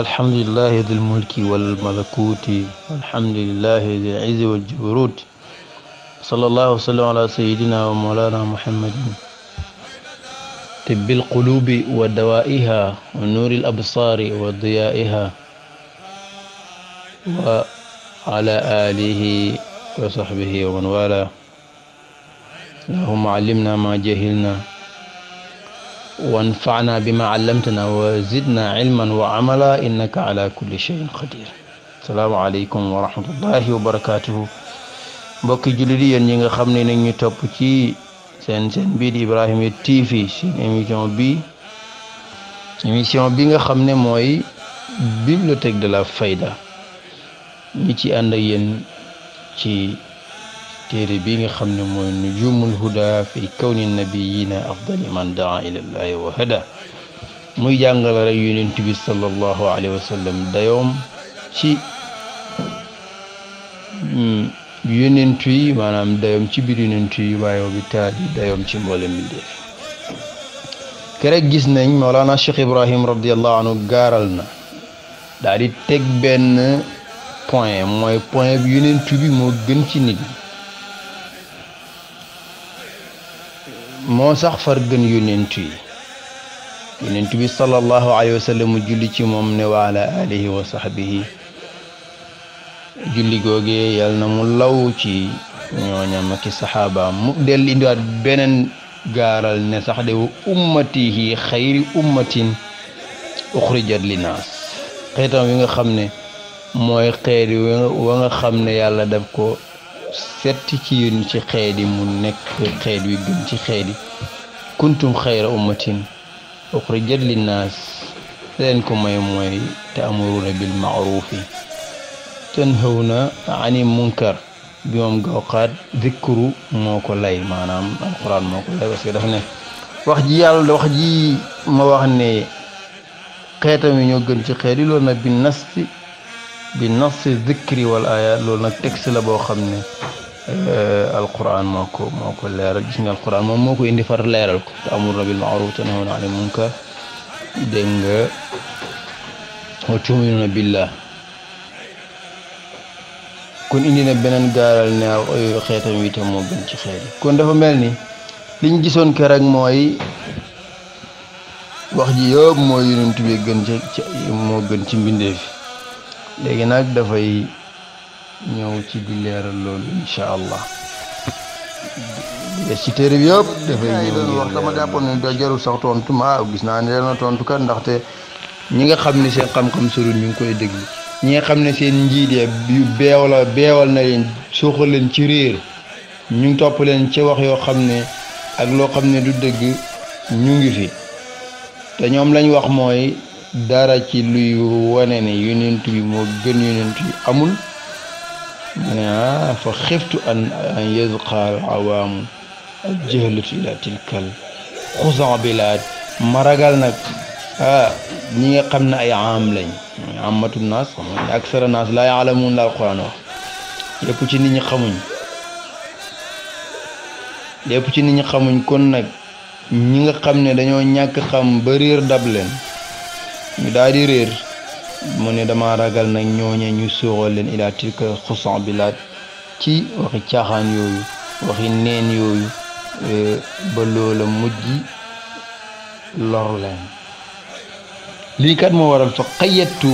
الحمد لله ذي الملك والملكوت الحمد لله ذي العز والجبروت صلى الله وسلم على سيدنا ومولانا محمد طب القلوب ودوائها ونور الأبصار وضيائها وعلى آله وصحبه ومن والاه اللهم علمنا ما جهلنا وانفعنا بما علمتنا وزدنا علما وعملا إنك على كل شيء قدير السلام عليكم ورحمة الله وبركاته mbokki jullit yi yéen ñi nga xam ne nañ ñu topp ci seen seen bii di Ibrahima TV seen bi émission bi nga xam ne mooy bibliothèque de la fayda ñi ci ànd ak ci tere bi nga xam ne mooy nujumul huda fi kawni nabiyina afdali man daa ilallahi wa hada muy jàngale rek yonent bi sallallahu alayhi wa sallam dayoom ci mm, yonent yi maanaam dayoom ci biir yonent yi waaye bi taali dayoom ci mboolem bi def kerek gis nañ Mawlana Cheikh Ibrahim radiallahu anhu gaaral na daal teg benn point mooy point bi bi moo gën ci nit ñi moo sax far gën yonent yi yonent bi sallallahu alayhi wa sallam julli ci moom ne wa ala alihi wa sahbihi julli googee yàlla na mu law ci ñooñam ak saxaabaam mu del indiwaat beneen gaaral ne sax de wa ummatihi xayri ummatin uxrijat linaas xeetam wi nga xam ne mooy xeet wa nga xam ne yàlla daf ko setti ci yéen ci xeet yi mu nekk xeet wi gën ci xeet yi kuntum xayra ummatin uxrijat linnaas leen ko may mooy taamuruuna bil maarufi tanhawna ani munkar bi moom gawxaat zikru moo ko lay maanaam alquran moo ko lay parce que dafa ne wax ji yàlla wax ji ma wax ne xeetam yi ñoo gën ci xeet yi na nag بنص الذكر والآيات لو نكتكس لبو خمني آه، القرآن موكو موكو اللير جسنا القرآن موكو إندي فر لير أمور ربي المعروف تنهون عن المنكة دنگ وتؤمنون بالله كون إندي نبنان غارل نيار أيو خيتم ويتم موبن تخيري كون دفو ملني لين جسون كرق موي وخجي يوب موي ينتبه جنجي مو جنجي مو جنجي مو جنجي léegi nag dafay ñëw ci di leeral loolu incha allah des ci téere bi yëpp dafay ñëw doon wax dama jàppoon ne da jarul sax tontu ma gis naa ne dana tontu kat ndaxte ñi nga xam ne seen xam-xam ñu ngi koy déglu ñi nga xam ne seen njiit yu beew la beewal na leen suuxal leen ci réer ñu ngi topp leen ci wax yoo xam ne ak loo xam ne du dëgg ñu ngi fi te ñoom lañ wax mooy dara ci luy wane ne yonent bi moo gën yonent yi amul mu ne ah fa xiftu an an yazqaal awaamu al jahlatu ila tilkal xusan bilaad ma ragal nag ah, ñi nga xam ne ay am lañ amatu naas aksara naas laa yaalamuun la alquran wax ci nit xamuñ yëpp ci nit xamuñ kon nag ñi nga xam ne dañoo ñàkk xam ba réer dab leen ñu daal di réer mu ne dama ragal nag ñooñe ñu sóoxal leen ilaa tilka xusan bi laat ci waxi caaxaan yooyu waxi neen yooyu e, ba loola mujj lor leen lii kat moo waral fa xayattu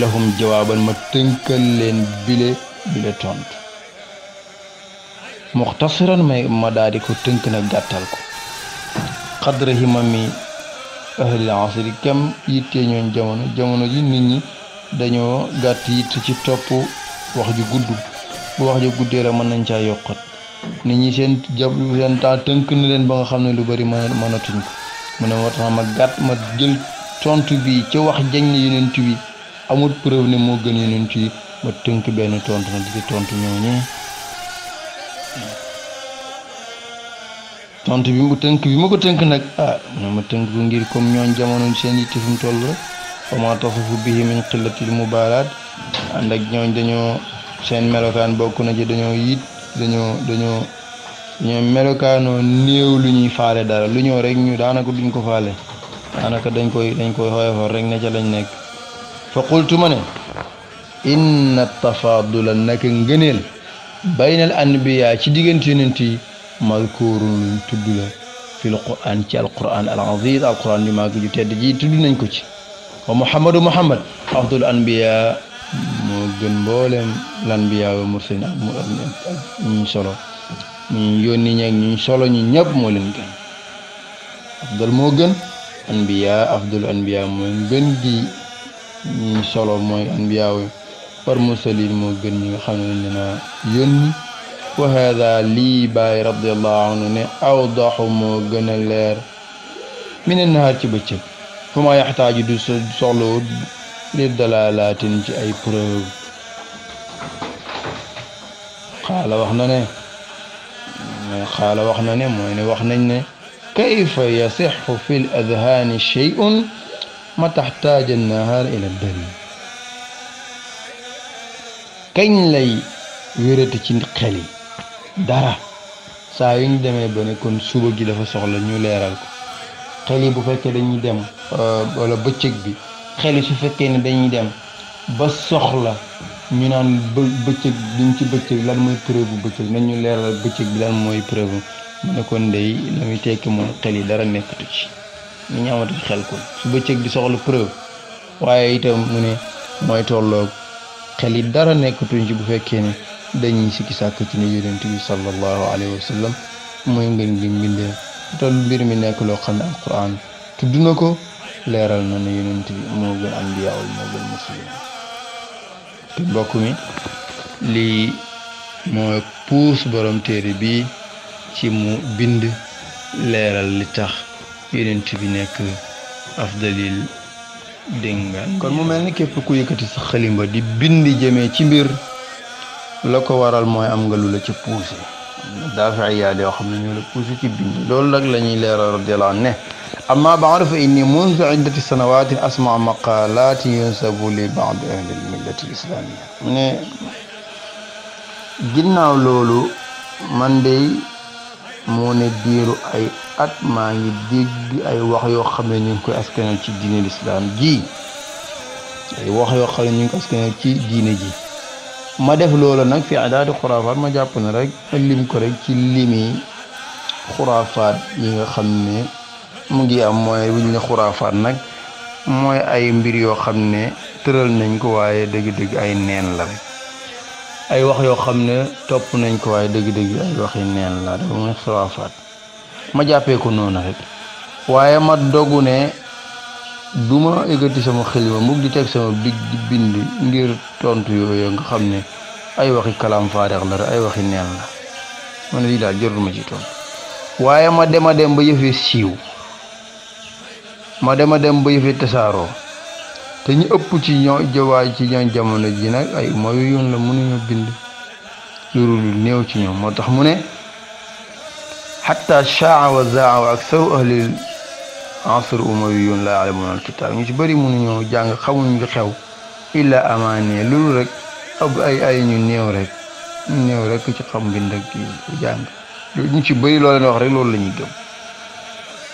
lahum jawaaban ma tënkal leen bile bile tontu muxtasiran may ma daal ko tënk na gàttal ko xadra himami ahlil asri kem yitte ñooñ jamono jamono ji nit ñi dañoo gàtt yitte ci topp wax ju gudd bu wax ju guddee rek mën nañ caa yokkat nit ñi seen jab seen taa tënk na leen ba nga xam ne lu bari mën mënatuñ ko mu ne moo ma gàtt ma jël tont bi ca wax jañ ne yonent bi amut preuve ne moo gën yonent bi ma tënk benn tontu ma di ci tontu ñooñee tontu bi mu tënk bi ma ko tënk nag ah ne ma tënk ko ngir comme ñooñ jamono seen yitte fi mu toll rek fama tasifu bihi min qillatil mubaalaat ànd ak ñooñ dañoo seen melokaan bokk na ci dañoo yit dañoo dañoo dañoo melokaanoo néew lu ñuy faale dara lu ñëw rek ñu daanaka duñ ko faale daanaka dañ koy dañ koy xoyofal rek na ca lañ nekk fa qultu ma ne inna tafadula naka ngëneel baynal anbiya ci diggante yonent yi mazkurun luñ tudd la fil quran ci alquran al aziz alquran yu màgg ju tedd ji tudd nañ ko ci wa muhammadu muhammad afdul anbiya moo gën mboolem lanbiya wa mursalin ak ñuñ solo ñu yónni solo ñu ñëpp moo leen gën afdal moo gën anbiya afdul anbiya mooy gën gi ñuñ solo mooy anbiya wa par mursalin moo gën ñi xam ne leen dina وهذا ليباي رضي الله عنه اوضح موغن لير من النهار تي بچك فما يحتاج دو سولو للدلالات تي اي بروف قال واخنا نه قال واخنا نه موي نه واخنا نه كيف يصح في الاذهان شيء ما تحتاج النهار الى الدليل كاين لي ويرتي تي خلي dara saa yu ñu demee ba ne kon suba ji dafa soxla ñu leeral ko xel yi bu fekkee dañuy dem euh, wala bëccëg bi xel yi su fekkee ne dañuy dem ba soxla ñu naan bë bëccëg duñ ci bëccëg lan mooy preuve bëccëg nañu leeral bëccëg bi lan mooy preuve mu ne kon dey la muy tekki mooy xel yi dara nekkatu ci ni ñu amatu xel kon su bëccëg bi soxla preuve waaye itam mu ne mooy tolloog xel yi dara nekkatuñ ci bu fekkee ne dañuy sikki sàkk ci ne yonent bi sallallahu alayhi wa sallam mooy ngeen gi mbindee te mbir mi nekk loo xam ne alquran tudd na ko leeral ma ne yonent bi moo gën ambiyaawul moo gën muslim te mbokk mi lii moo puus borom téere bi ci mu bind leeral li tax yonent bi nekk afdalil dégg nga kon mu mel ni képp ku yëkkati sa xalimba di bind jëmee ci mbir la ko waral mooy am nga lu la ci puusé daafi yaal yoo xam ne ñu la puusé ci bind loolu nag la ñuy leeral radiyallahu anhu ba amma baado fa inni mundu iddati sanawatin asmaa maqalaati yunsabu li baadi ahli millati islamia ne ginnaaw loolu man dey moo ne diiru ay at maa ngi dégg ay wax yoo xam ne ñu ngi koy askanal ci diine lislaam ay wax yoo xam ne ci diine ji ma def loolu nag fi adaatu xuraafaat ma jàpp ne rek lim ko rek ci limi xuraafaat yi nga xam ne mu ngi am mooy bu ñu ne xuraafaat nag mooy ay mbir yoo xam ne tëral nañ ko waaye dëgg-dëgg ay neen la rek ay wax yoo xam ne topp nañ ko waaye dëgg-dëgg ay waxi neen la dafa mooy ma jàppee ko noonu rek waaye ma dogu ne du ma sama xilima mukk di teg sama big bind ngir tontu yooyu nga xam ne ay waxi kalaam faareex la ay waxi neen la ma ne lii daal jarul ma ci tontu waaye ma dem a dem ba yëfee siiw ma dem dem ba yëfee tasaaroo te ñu ëpp ci ñoo jawaay ci ñoom jamono ji nag ay mooy yoon la mënuñu bind loolu lu néew ci ñoom moo tax mu ne xatta shaa wa zaa wa aksaru ahlil ansur umawiyun la ya'lamuuna al-kitaab ñu ci bëri mënuñoo jàng xamuñ li xew illa amaani loolu rek ab ay ay ñu néew rek néew rek ci xam mbind ak jàng ñu ci bari loo leen wax rek loolu la ñuy gëm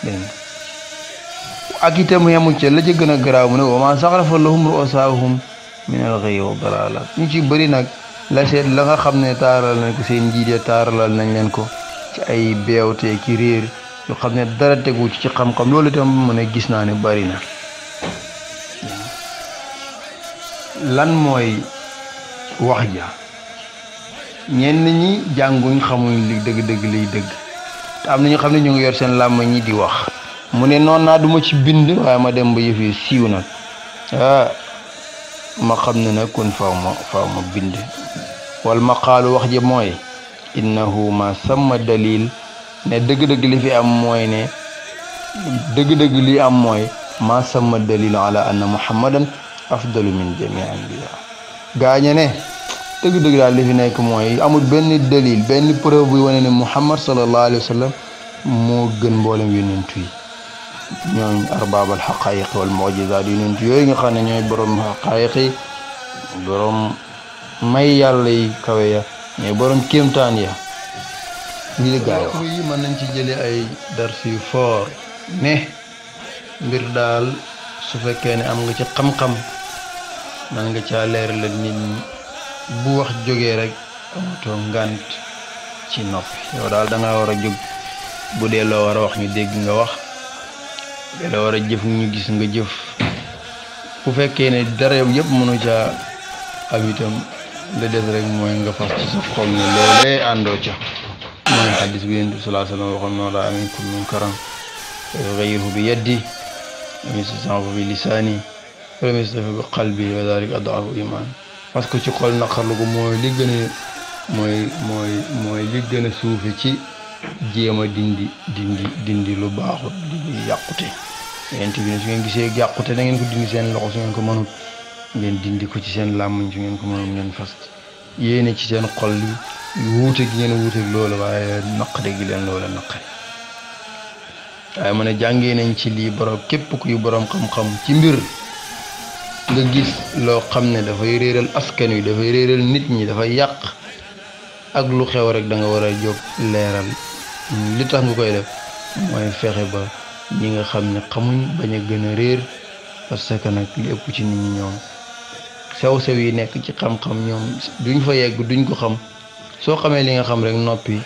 dégg ak itam yemu ca la ca gën a garaaw mu ne wa maa saxrafa lahum ru'usaahum min al-ghayyi wa ñu ci bari nag la seet la nga xam ne taaral nañ ko seen taaralal nañ leen ko ci ay beewtee ki réer yoo xam ne dara tegu ci ci xam-xam loolu itam mën a gis naa ne bari na lan mooy wax ja ñenn ñi jànguñ xamuñ li dëgg-dëgg liy dëgg te am na ñu xam ne ñu ngi yor seen làmm ñi di wax mu ne noon naa duma ci bind waaye ma dem ba yëf yi siiw nag ah ma xam ne nag faaw ma faaw ma bind wal ma xaalu wax ja mooy innahu ma sama dalil ne dëgg-dëgg li fi am mooy ne dëgg-dëgg li am mooy ma sama dalilu ala anna muhammadan afdalu min jami anbiya gaañe ne dëgg-dëgg daal li fi nekk mooy amut benn dalil benn preuve buy wane ne muhammad sallallahu alayhi wa sallam moo gën mboolem yonent yi ñooñ arbaabal xaqaayiq wal mujizaat yonent yooyu nga xam ne ñooy borom xaqaayiq yi borom may yàlla yi kawe ya ñooy borom kéemtaan ya ñu li gaa yi wax yi mën nañ ci jële ay dars yu fort ne mbir daal su fekkee ne am nga ci xam-xam man nga caa leeralal nit ñi bu wax jógee rek amatoo ngànt ci noppi yow daal da ngaa war a jóg bu dee loo war a wax ñu dégg nga wax bu loo war a jëf ñu gis nga jëf bu fekkee ne dara yëpp mënu caa am itam la des rek mooy nga fas ci sa xol ne loolee àndoo ca من حديث بين صلى الله عليه وسلم وقال لا من كل منكرا يغيره بيدي ولم يستطعه بلساني ولم يستطعه بقلبي وذلك أضعف إيمان parce que ci xol naqarlu ko mooy li gën a mooy mooy mooy li gën a suufe ci jéem a dindi dindi dindi lu baaxut dindi yàqute yent bi ne su ngeen gisee yàqute da ngeen ko dindi seen loxo su ngeen ko mënut ngeen dindi ko ci seen làmmiñ su ngeen ko mënut ngeen fas yéene ci seen xol li wuute gi ngeen wuute loolu waaye naqare gi leen loola naqare waaye ma ne jàngee nañ ci lii borom képp kuy borom xam-xam ci mbir nga gis loo xam ne dafay réeral askan wi dafay réeral nit ñi dafay yàq ak lu xew rek da war a jóg leeral li tax nga koy def mooy fexe ba ñi nga xam ne xamuñ bañ a gën a réer parce que nag li ëpp ci nit ñi ñoom sew-sew yi nekk ci xam-xam ñoom duñ fa yegg duñ ko xam soo xamee li nga xam rek noppi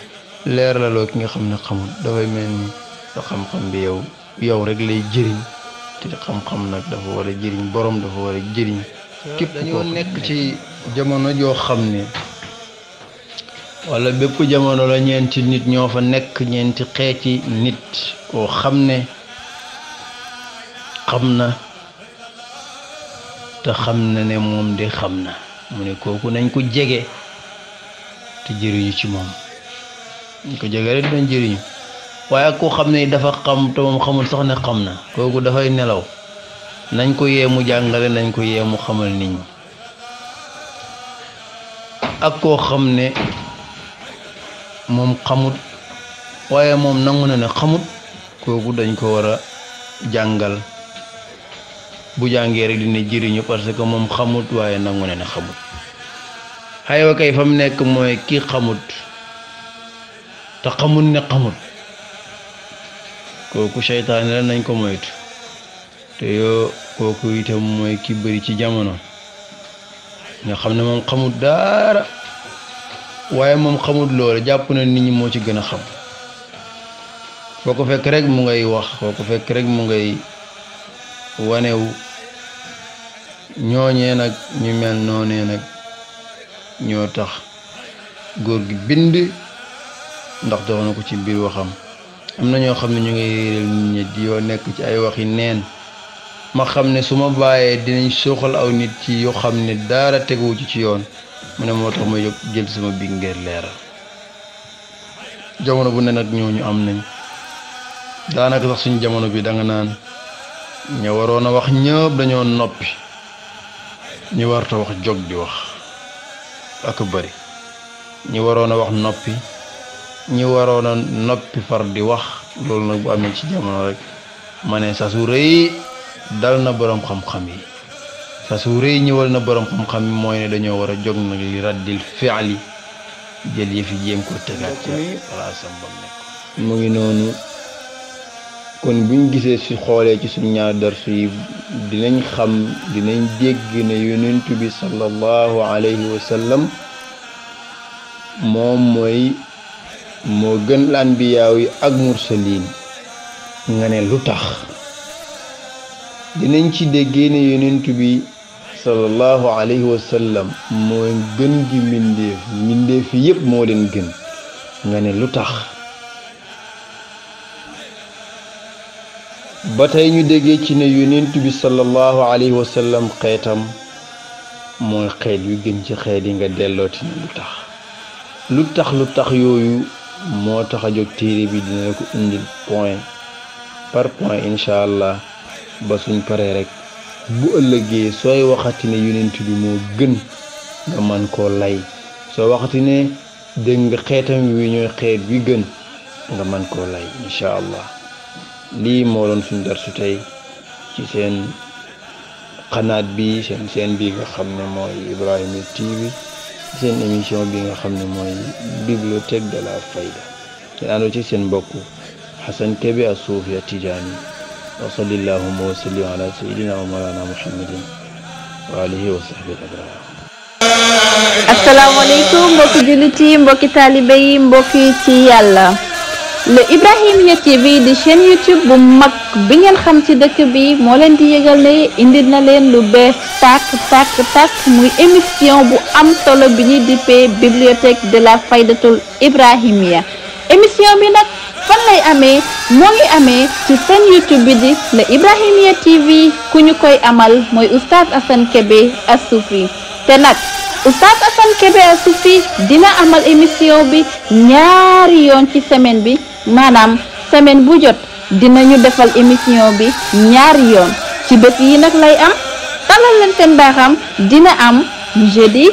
leer la loo ki nga xam ne xamul dafay mel ni sa xam-xam bi yow yow rek lay jëriñ te xam-xam nag dafa war a jëriñ borom dafa war a jëriñ képp dañoo nekk ci jamono joo xam ne wala bépp jamono la ñeenti nit ñoo fa nekk ñeenti xeeti nit koo xam ne xam na te xam na ne moom de xam na mu ne kooku nañ ko jege te jëriñu ci moom ñu ko jege rek dinañ jëriñu waaye koo xam ne dafa xam moom xamul sax ne xam na kooku dafay nelaw nañ ko yee mu jàngale nañ ko yee mu xamal nit ñi ak koo xam ne moom xamut waaye moom nangu na ne xamut kooku dañ ko war a jàngal bu jàngee rek dina jëriñu parce que moom xamut waaye nangu na ne xamut aywa kay fa mu nekk mooy ki xamut te xamut ne xamut kooku seytaane la nañ ko moytu te yoo kooku itam mooy ki bëri ci jamono nga xam ne moom xamut daara waaye moom xamut loole jàpp na nit ñi moo ci gën a xam foo ko fekk rek mu ngay wax foo ko fekk rek mu ngay wanewu ñooñe nag ñu mel noone nag ñoo tax góor gi bind ndax dox na ko ci biir waxam am na ñoo xam ne ñu ngi réeral nit ñi yoo nekk ci ay waxi neen ma xam ne su ma bàyyee dinañ sooxal aw nit ci yoo xam ne dara teguwu ci yoon mu ne moo tax ma jóg jël sama biir ngir leeral jamono bu ne nag ñu am nañ daanaka sax suñ jamono bi danga naan ña waroon a wax ñëpp dañoo noppi ñu warta wax jóg di wax ak bari ñi waroon a wax noppi ñi waroon a noppi far di wax loolu nag bu amee ci jamono rek ma ne sa su rëy dal na borom xam-xam yi sa su rëy ñëwal na borom xam-xam mooy ne dañoo war a jóg nag li raddil fi'li jël yëfi jéem ko tegaat ci mu ngi noonu kon buñ gisee ci xoolee ci suñ ñaar yi dinañ xam dinañ dégg ne yonent bi sallallahu alayhi wa moom mooy moo gën la anbiyaaw yi lu tax dinañ ci déggee bi sallallahu alayhi wa sallam mooy gi mbindeef mbindeef yépp moo leen gën nga ne lu tax ba tey ñu déggee ci ne yonent bi sallallahu alayhi wa sallam xeetam mooy xeet yu gën ci xeet yi nga dellooti lu tax lu tax lu tax yooyu moo tax a jóg téere bi dina la ko indil point par point incha allah ba suñ paree rek bu ëllëgee sooy waxati ne yonent bi moo gën nga man koo lay soo waxati ne dégg nga xeetam wi ñooy xeet wi gën nga man koo lay incha allah lii moo doon suñu tey ci seen xanaat bi seen seen bi nga xam ne mooy Ibrahima TV seen émission bi nga xam ne mooy bibliothèque de la fayda te àndoo ci seen mbokk Xasan Kebe a Suufi a Tijaani wa salli llahumma wa sallim ala sayyidina wa mawlana muhammadin mbokki jullit mbokki ci yàlla le Ibrahimiya TV di chaîne YouTube bu mag bi ngeen xam ci dëkk bi moo leen di yëgal ne indi na leen lu bees tàkk tàkk tàkk muy émission bu am solo bi ñuy dippee bibliothèque de la faydatul Ibrahimiya émission bi nag fan lay amee moo ngi amee ci seen YouTube bi di le Ibrahimiya TV ku ñu koy amal mooy oustaz Assane Kébé Assoufri te nag Oustaz Assane Kébé Assoufri dina amal émission bi ñaari yoon ci semaine bi maanaam semaine bu jot dinañu defal émission bi ñaari yoon ci bés yi nag lay am talal leen seen baaxam dina am jeudi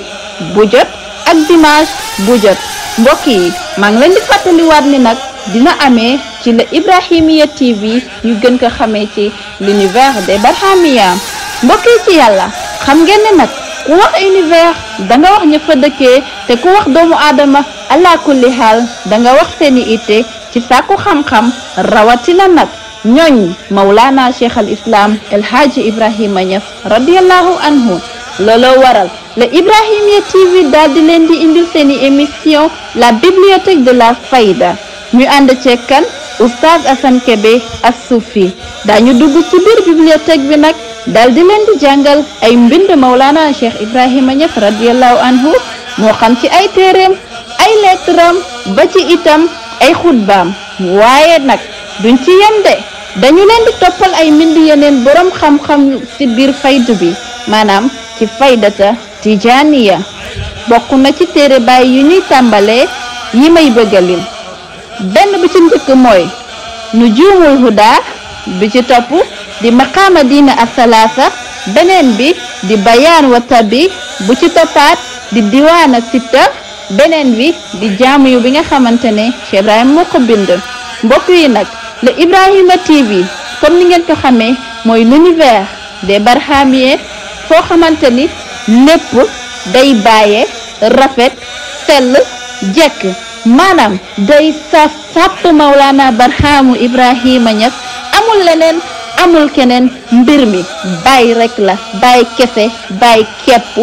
bu jot ak dimanche bu jot mbokk yi maa ngi leen di fàttaliwaat ni nag dina amee ci la Ibrahimiya TV ñu gën ko xamee ci l'univers des Barhamiya mbokk yi ci yàlla xam ngeen nag ku wax univers da nga wax ña fa te ku wax doomu aadama ala xaal da nga wax seeni itte ci sàkku xam-xam rawatina nag ñooñ mawlaana cheikh al islam el haaji ibrahima ñas radiallahu anhu looloo waral le Ibrahimya TV daal di leen di indil seeni émission la bibliothèque de la fayda ñu ànd ceeg kan oustaz Assane Kébé as-Soufi daañu dugg ci biir bibliothèque bi nag daal di leen di jàngal ay mbind Maulana Cheikh Ibrahima Niass radiyallahu anhu moo xam ci ay téereem ay lettaram ba ci itam ay xutbaam waaye nag duñ ci yem de dañu leen di toppal ay mbind yeneen boroom xam-xam ci biir faydu bi maanaam ci faydata tijaaniya bokk na ci téere bàyyi yu ñuy tàmbalee yi may bëggalim benn bi ci njëkk mooy nu juumul huda bi ci topp di maqama dina asalasa benen bi di bayan wa tabi bu ci topat di diwana siter sitta bi di jamu yu bi nga xamantene cheikh ibrahim moko bind mbokk yi nak le ibrahima tv comme ni ngeen ko xamé moy l'univers des barhamiers fo xamanteni day rafet sel jek manam day sa sap maulana barhamu ibrahima nyak amul lenen amul keneen mbir mi bàyyi rek la bàyyi kese bàyyi kepp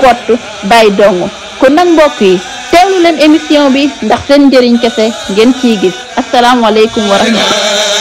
kott bàyyi dong kon nag mbokk yi teewlu leen émission bi ndax seen njëriñ kese ngeen ciy gis asalaamaaleykum wa rahmatulah